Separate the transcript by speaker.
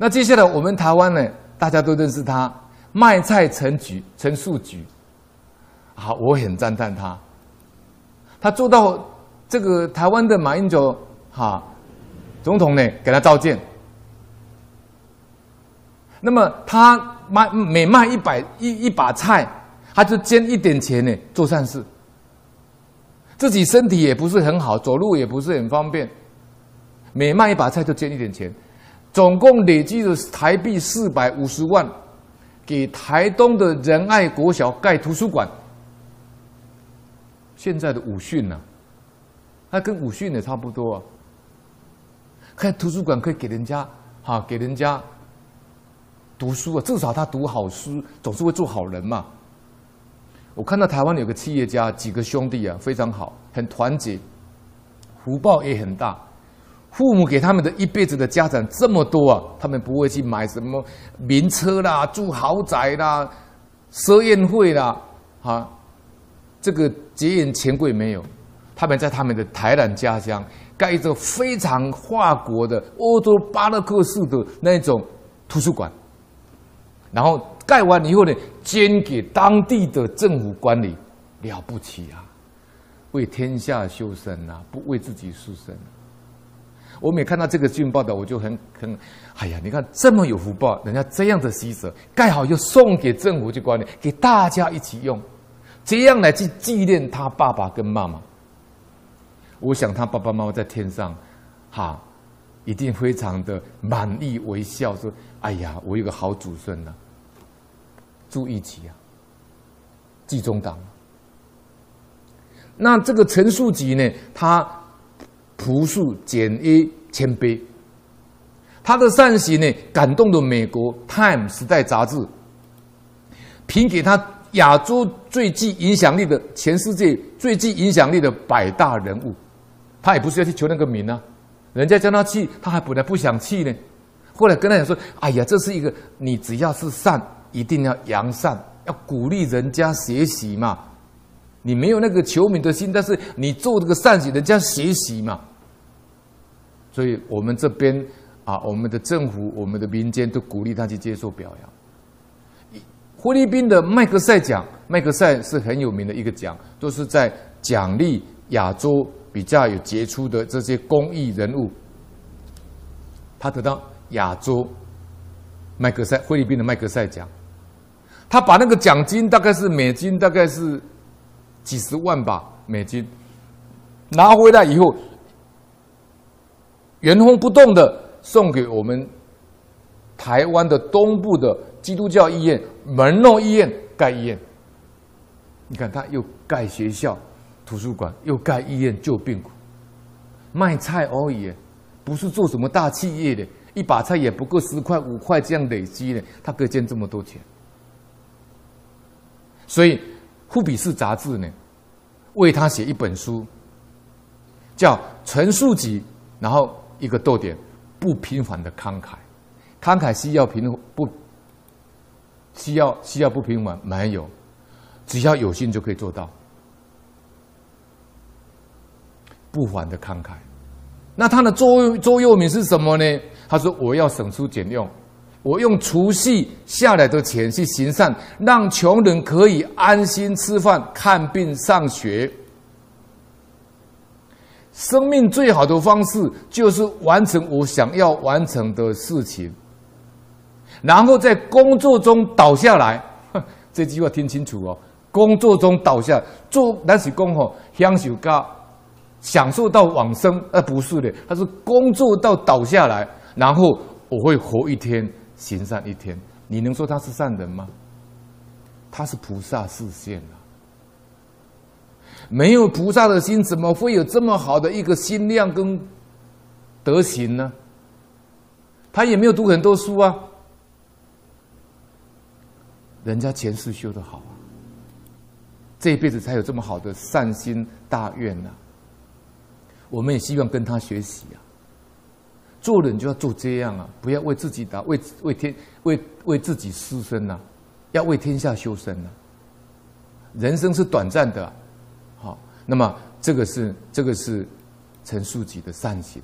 Speaker 1: 那接下來，我們台灣呢，大家都認識他，賣菜陳菊、陳樹菊，啊，我很讚嘆他。他做到這個台灣的馬英九，哈、啊，總統呢給他召見。那麼他賣，每賣一百一一把菜，他就捐一點錢呢做善事。自己身體也不是很好，走路也不是很方便，每賣一把菜就捐一點錢。總共累積的台幣四百五十萬，給台東的仁愛國小蓋圖書館。現在的武訓呢、啊，那跟武訓也差不多啊。蓋圖書館可以給人家哈、啊，給人家讀書啊，至少他讀好書，總是會做好人嘛。我看到台灣有個企業家，幾個兄弟啊，非常好，很團結，福報也很大。父母給他們的一輩子的家產這麼多啊，他們不會去買什麼名車啦、住豪宅啦、奢宴會啦，哈、啊，這個節儉、錢櫃沒有，他們在他們的台南家鄉蓋一座非常華國的歐洲巴洛克式的那種圖書館，然後蓋完以後呢，捐給當地的政府管理，了不起啊，為天下修身啊，不為自己修身、啊。我每看到這個新聞報道，我就很很，哎呀，你看這麼有福報，人家這樣的喜捨，蓋好又送給政府去管理，給大家一起用，這樣來去紀念他爸爸跟媽媽。我想他爸爸媽媽在天上，哈，一定非常的滿意微笑，說：“哎呀，我有個好祖孫吶、啊，住一起啊，聚中黨。”那這個陳樹菊呢，他。樸素、簡易、謙卑，他的善行呢，感動了美國《Time》時代雜誌，評給他亞洲最具影響力的、全世界最具影響力的百大人物。他也不是要去求那個名啊，人家叫他去，他還本來不想去呢。後來跟他講說：“哎呀，這是一個，你只要是善，一定要揚善，要鼓勵人家學習嘛。”你沒有那個求名的心，但是你做這個善行，人家學習嘛。所以我們這邊啊，我們的政府、我們的民間都鼓勵他去接受表揚。菲律賓的麥克賽獎，麥克賽是很有名的一個獎，都是在獎勵亞洲比較有傑出的這些公益人物。他得到亞洲麥克賽，菲律賓的麥克賽獎。他把那個獎金大概是美金，大概是。幾十萬吧美金，拿回來以後，原封不動的送給我們台灣的東部的基督教醫院、門諾醫院蓋醫院。你看，他又蓋學校、圖書館，又蓋醫院、救病苦，賣菜而已，不是做什麼大企業的一把菜也不夠十塊五塊這樣累積的，他可以賺這麼多錢？所以。《富比士雜誌》呢，為他寫一本書，叫《陳樹菊》，然後一個逗點，不平凡的慷慨，慷慨需要平不，需要需要不平凡沒有，只要有心就可以做到，不凡的慷慨。那他的座座右銘是什麼呢？他說：“我要省吃儉用。”我用儲蓄下來的錢去行善，讓窮人可以安心吃飯、看病、上學。生命最好的方式就是完成我想要完成的事情，然後在工作中倒下來。哼，這句話聽清楚哦，工作中倒下來，做那是講吼享受家，享受到往生。而、啊、不是的，他是工作到倒下來，然後我會活一天。行善一天，你能說他是善人嗎？他是菩薩示現啊！沒有菩薩的心，怎麼會有這麼好的一個心量跟德行呢？他也沒有讀很多書啊，人家前世修的好啊，這一輩子才有這麼好的善心大願吶、啊。我們也希望跟他學習啊。做人就要做這樣啊，不要為自己打，為為天為為自己私身吶、啊，要為天下修身吶、啊。人生是短暫的、啊，好，那麼這個是這個是陳樹菊的善行。